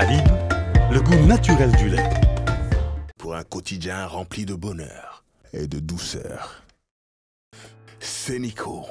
Alib, le goût naturel du lait. Pour un quotidien rempli de bonheur et de douceur. C'est Nico.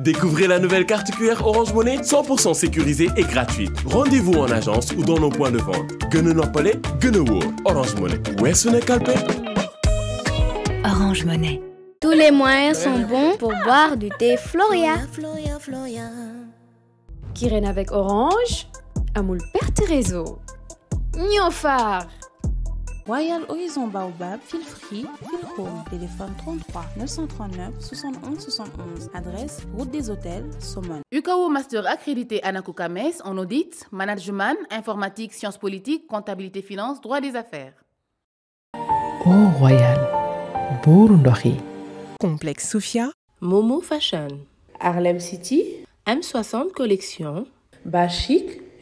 Découvrez la nouvelle carte QR Orange Monnaie 100% sécurisée et gratuite. Rendez-vous en agence ou dans nos points de vente. Gunnenopolé, Gunnewood, Orange Monnaie. est-ce Orange Monnaie. Tous les moyens sont bons pour boire du thé Floria. Floria, Floria, règne avec Orange. Amoul mul perterezo. Royal Horizon Baobab, fil free, téléphone 33 939 71 71, adresse route des hôtels, Somon. UKO Master accrédité à en audit, management, informatique, sciences politiques, comptabilité finance, droit des affaires. Oh Royal, Burundori. Complexe Sofia, Momo Fashion, Harlem City, M60 Collection, Bashik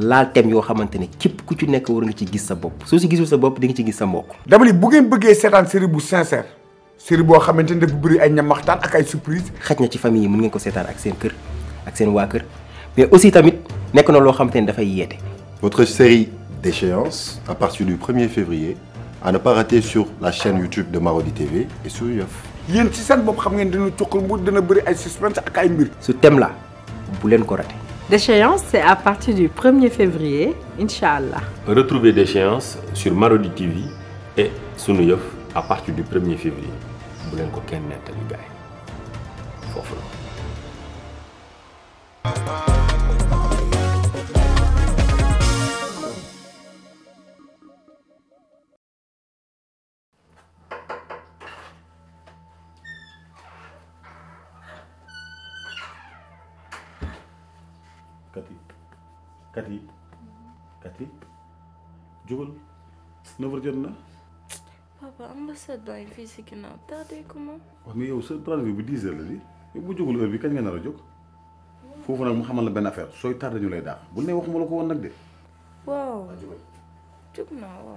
laal thème yoo xamante ne képp ku ci nekk war nga ci gis sa bopp soo si gisul sa bopp di nga ci gis sa mbokk. dama ni bu ngeen bëggee seetaan série bu sincère série boo xamante ne dafa bëri ay ñam waxtaan ak ay surprise. xaj na ci famille yi mën ngeen ko seetaan ak seen kër ak seen waa kër mais aussi tamit nekk na loo xamante ne dafay yeete. votre série d'échéance à partir du 1er février à ne pas rater sur la chaîne YouTube de Marodi TV et sur Yoff. yéen ci seen bopp xam ngeen dina cuqal mu dina bëri ay suspense ak ay mbir. su thème la bu leen ko raté. Déchéance, c'est à partir du 1er février, Inch'Allah. Retrouvez Déchéance sur Marodi TV et Sunuyof à partir du 1er février. jubal neuf heures jot na. papa ambassade baa ngi fii si ginnaaw tardé ko moom. waaw mais yow sa rendez-vous bi dix la di yow bu jógul heure bi kañ nga nar a jóg foofu nag mu xamal la benn affaire sooy tardé ñu lay daax bu ne waxuma la ko woon nag de. waaw waaw naa waaw.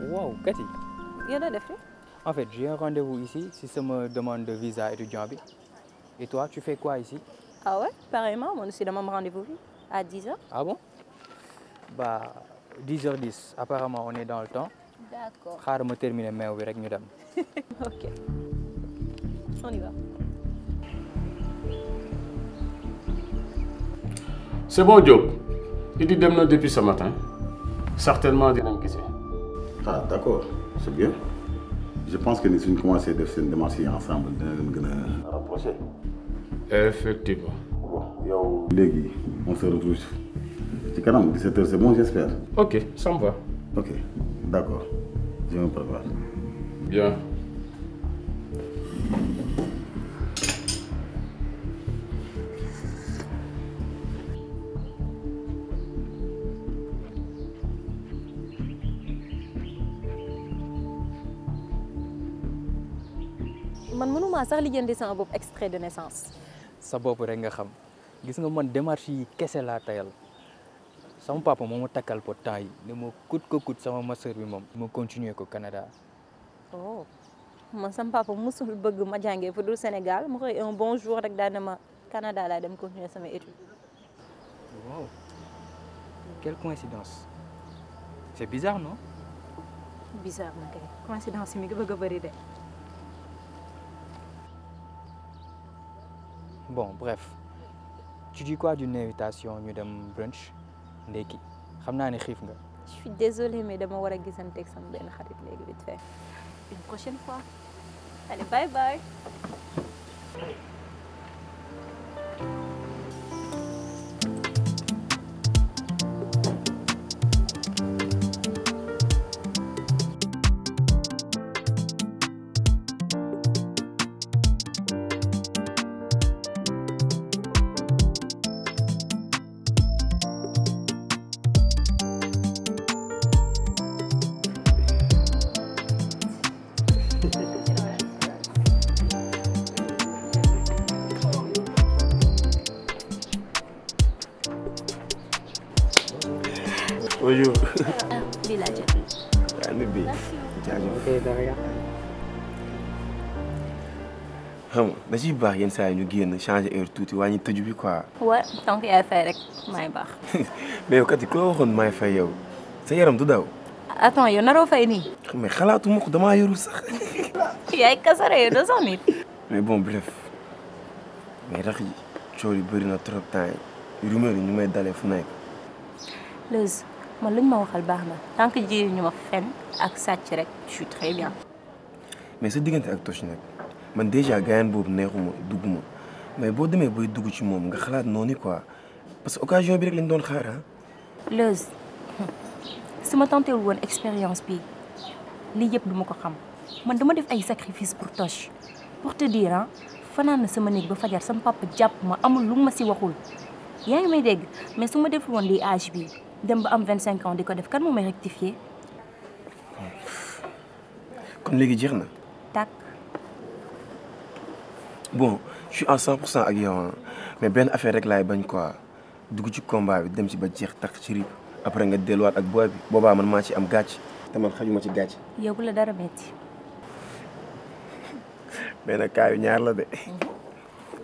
Wow Cathy. en a def en fait j'ai un rendez-vous ici si ça me demande de visa étudiant et toi tu fais quoi ici. ah ouais pareillement moi aussi un rendez-vous à 10h. ah bon bah 10h10 apparemment on est dans le temps. d'accord je ma terminer mais bi rek ok on y va. c'est bon job. il dit depuis ce matin certainement dinañ ah d'accord.. C'est bien je pense que nous on commencer à faire ensemble On effectivement bon yow on se retrouve quand même 17 h c'est bon j'espère..? ok ça me va ok D'accord..! je me prépare bien man mënumaa sax lijjanti sama bopp extrait de naissance. sa bopp rek nga xam gis nga man démarche yi kese laa tayal sama papa moo ma takkal po temps yi ne ma kut ko kut sama master bi moom. ma continuer ko Canada. oh man sama papa musul bëgg ma jàngee fu dul Sénégal ma koy un bon jour rek daan na ma Canada laa dem continuer sama étude. waaw quelle coïncidence c'est bizarre non. bizarre na kay coïncidence yi mi ngi bëgg a bëri de. bon bref tu dis quoi d'une invitation à dem brunch je suis désolée mais je vais vous donner un texte xarit vite fait une prochaine fois allez bye bye. xam nga da baax yenn saa yi ñu génn changer heure tuuti wàññi tëju bi quoi. wa donc yaay fay rek maay baax. mais yow kat yi ku la waxoon maay fay yow sa yaram du daw. attends yow naroo fay nii. mais xalaatu ma ko damaa yorul sax. yaay kasare yow doo sax nit. mais bon bref mais rax yi coow yi bëri na trop temps yi rumeur yi ñu may dalee fu nekk. Luz man ma waxal baax na tant que jëriñu ma fen ak sàcc rek je suis bien. mais sa diggante ak Toch man déjà gaayan bob neexuma duguma mais bo démé boy dugg ci mom nga xalat noni quoi parce que occasion bi rek lañ doon xaar hein ah. leuse su ma tenté woon expérience bi li yëpp duma ko xam man dama def ay sacrifice pour Toch pour te dire hein fanaan na sama néeg ba fajar sama papa japp ma amul lu ma si waxul yaa ngi may dégg mais suma ma def woon li âge bi dem ba am 25 ans di ko def kan mo may rectifier. kon léegi jeex na bon je suis en 100% avec lui mais benn affaire rek laay quoi Tu ci combat bi dem ci ba te xajuma ci il yow dara metti. mais ñaar la de mhm.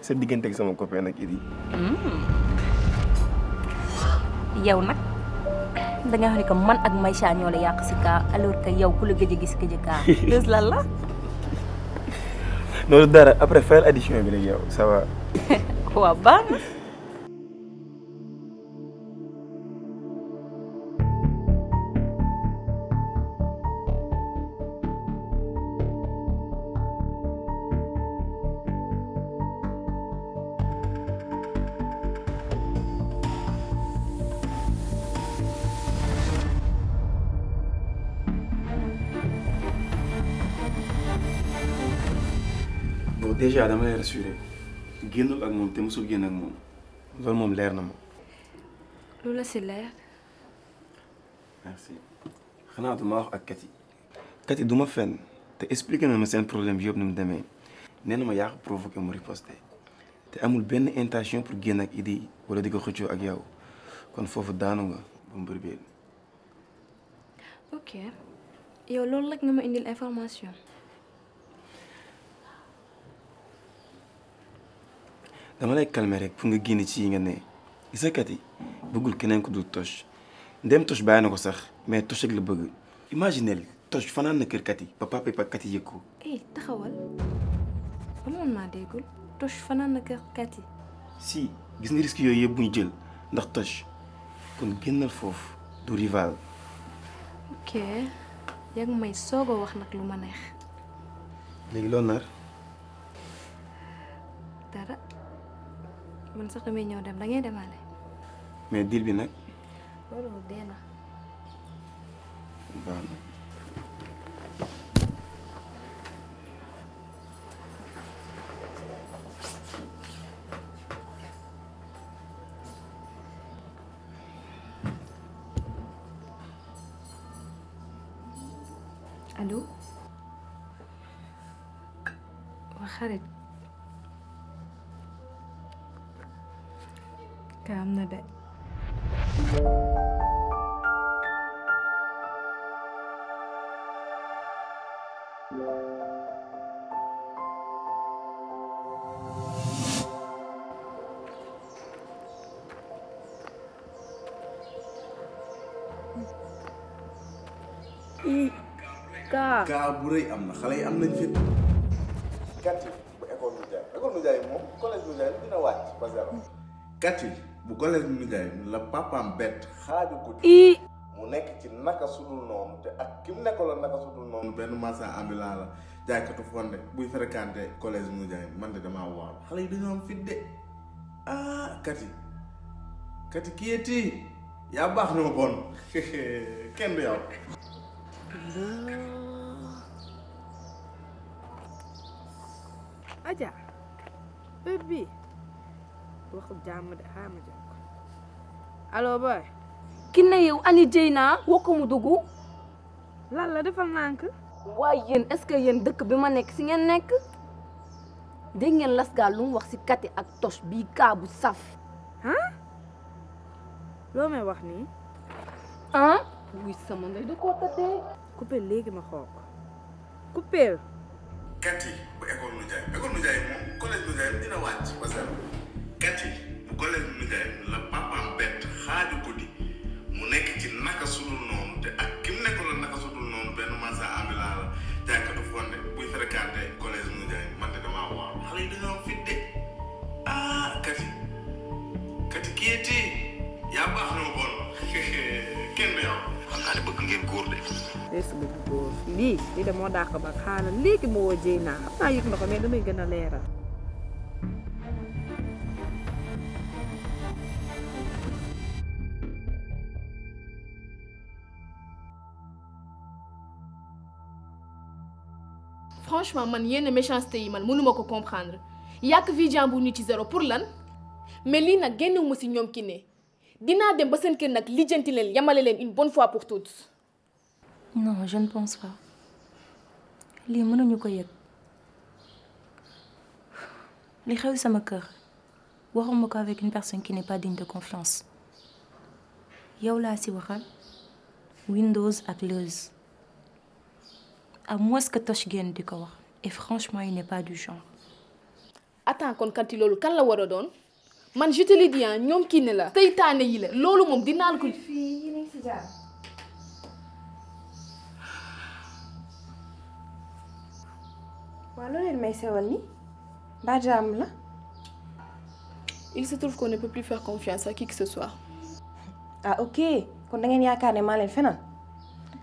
sa que ak sama copain Tu mm. yow que man ak Tu alors que yow de la gëj loolu dara après fayal addition bi rek yow ça va. waaw baax na. déjà dama lay rassuré génnul ak moom te mosul génn ak moom loolu moom leer na ma. lu la si leer. xanaa du wax ak Kati. Kati du ma fenn te expliqué na ma seen problème yëpp ni mu demee nee na ma yaa ko provoqué mu riposté te amul benn intention pour génn ak Idi wala di ko xëccoo ak yow kon foofu daanu nga ba mu bëri ok yow loolu rek nga ma indil information. dama lay calmer rek pour nga génn ci yi nga ne gis nga kat yi bëggul keneen ko dul Toch ndem Toch bàyyi na ko sax mais Toch rek la bëgg imaginel Toch fanaan na kër kat yi ba papa ba kat yi yëg ko. eh taxawal ba moom maa déggul Toch fanaan na kër kat yi. si gis nga risque yooyu yëpp bu ñu jël ndax Toch kon génnal foofu du rival. ok yaa ngi may soog a wax nag lu ma neex. léegi loo nar. dara. man sax damay ñëw dem da ngay demaale. mais deal bi nag. loolu dee na. allo. waa xarit. cas. cas bu rëy am na xale yi am nañ fit. Kati bu école Ndiaye école Ndiaye moom collège Ndiaye wàcc ba zéro. Kati bu collège Ndiaye la papaam bett xaaju guddi. mu nekk ci naka sudul noonu te ak ki mu nekkaloon naka sudul noonu. benn marchand ambulant la jaaykatu fonde buy fréquenté collège Ndiaye man de damaa waaw xale yi dañoo am fit de ah Kati Kati kii yaa baax na ma bon kenn du yow. Adja bépp bi waxu jàmm de xaaral ah, ma jàpp ko allo ki ne yow ani jëy naa woo mu dugg. lan la defal nànk waaye yéen est-ce yéen dëkk bi ma nekk ci ngeen nekk. dégg ngeen lasgaa lu mu wax si kati ak tos bii kaabu saf. ah loo may wax nii. ah wuy sama ndey da koo tëddee. coupé léegi ma xool ko kat yi bu école nu jaay école nu jaay moom collège nu jaay dina wàcc parce que kat yi bu collège nu jaay la papa lii de moo dàq ba xaaral léegi ma woo jéy naa xam naa yëg na ko mais damay gën a leeral franchement man yenn méchanceté yi man mënuma ko comprendre Yak vie jàmbur ñu ci zéro pour lan mais lii nag génnewuma si ñoom ki ne dinaa dem ba seen kër nag lijjanti yamale leen une bonne fois pour toutes. non je ne pense pas lii mënuñu ko yegg li xew sama kër waxuma ko avec une personne qui n'est pas digne de confiance yow laa si waxal Windows ak Leuze à moins que Toch génn di ko wax et franchement il n'est pas du genre. attends kon kanti loolu kan la war a doon man je te le ñoom ne la. seytaane yi la loolu moom dinaa ko. fii yéen si jaar. waaw le leen ba la il se trouve qu'on ne peut plus faire confiance à qui que ce soit ah ok kon da ngeen yaakaar ne maa leen fenal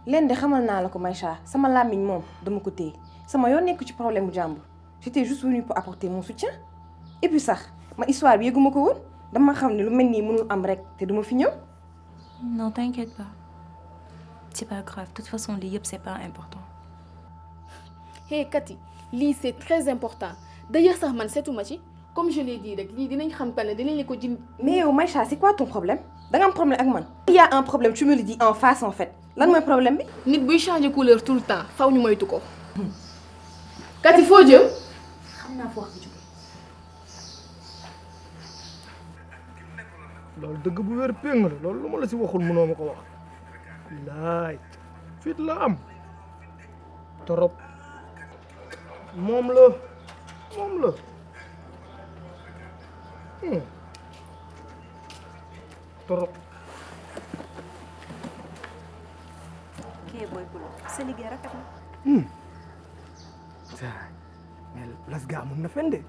leen de xamal naa la ko Maïcha sama làmmiñ moom dama ko téye sama yoon nekk ci problème bu jàmbur j'étais juste venu pour apporter mon soutien et puis ça. ma histoire bi yëguma ko woon dama xam ne lu mel nii mënul am rek te duma fi ñëw non t'inquiète pas c'est pas grave de toute façon lii yëpp c'est pas important hey Cathy lii c'est très important d'ailleurs sax c'est seetuma ci comme je l'ai dit rek lii dinañ xam que ne dinañ la ko mais yow Maïcha c'est quoi ton problème da nga am problème ak man. il y a un problème tu me le dis en face en fait lan mooy problème bi. nit buy changer couleur tout le temps faw ñu moytu ko. Kati foo jëm. xam naa foo xam loolu dëgg bu wér péng la loolu lu ma la si waxul mënoo ma ko wax. laay fit la am Trop..! moom la moom la hmm. torop kii booy bulo sa liggéey rafet na hmm. mais las gaa na fen de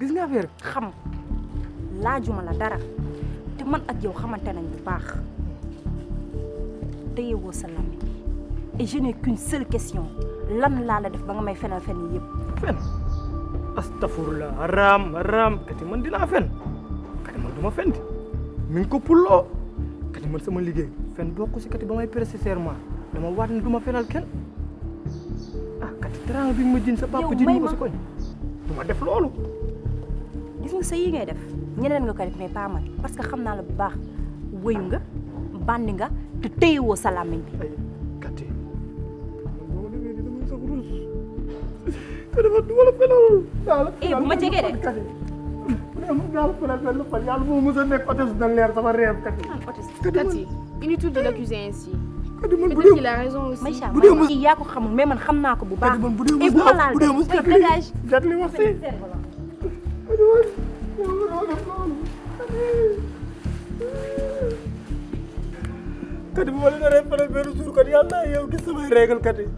gis nga affaire xam laajuma la dara te ak yow xamante nañ bu baax te yewoo sa et je n'ai qu'une seule question lan laa la def ba nga may fenal fen yi yëpp. fen astafurla raam raam kati man dinaa fen kati man du fen di mi ngi ko pullo. kati man sama liggéey fen bokku ci kati ba may prêter serment dama waat ne du fenal kenn ah kati teranga bi ma jin sa papa jin ko si koñ du def lolu. gis nga sa yi ngay def ñeneen nga ko def mais pas man parce que xamna la bu baax wéyu nga bandi nga te téyewoo sa làmmiñ bi te dafa du ma la fenal. daal eh bu ma jege de. yàlla moo mos a nekk hôtesse de l'air sama réew kat yi. ah kat yi inutile de l'accuser ainsi. kati man bu dee il a raison aussi. macha allah yaa ko xamul mais man xam naa ko bu baax. bu dee mos a bu dee mos a dégage. jàppale wax si. kati bu ma leen a réew fenal benn jour kat yàlla naa yow gis samay régal kat yi.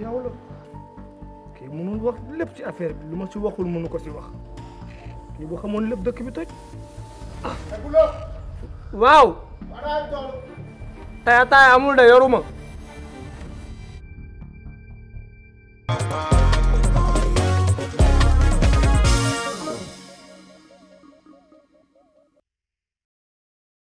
yow la wax ci affaire bi lu ma ci waxul mënu ko ci wax bu xamoon lépp dëkk bi toj ah. waaw. amul de yoruma.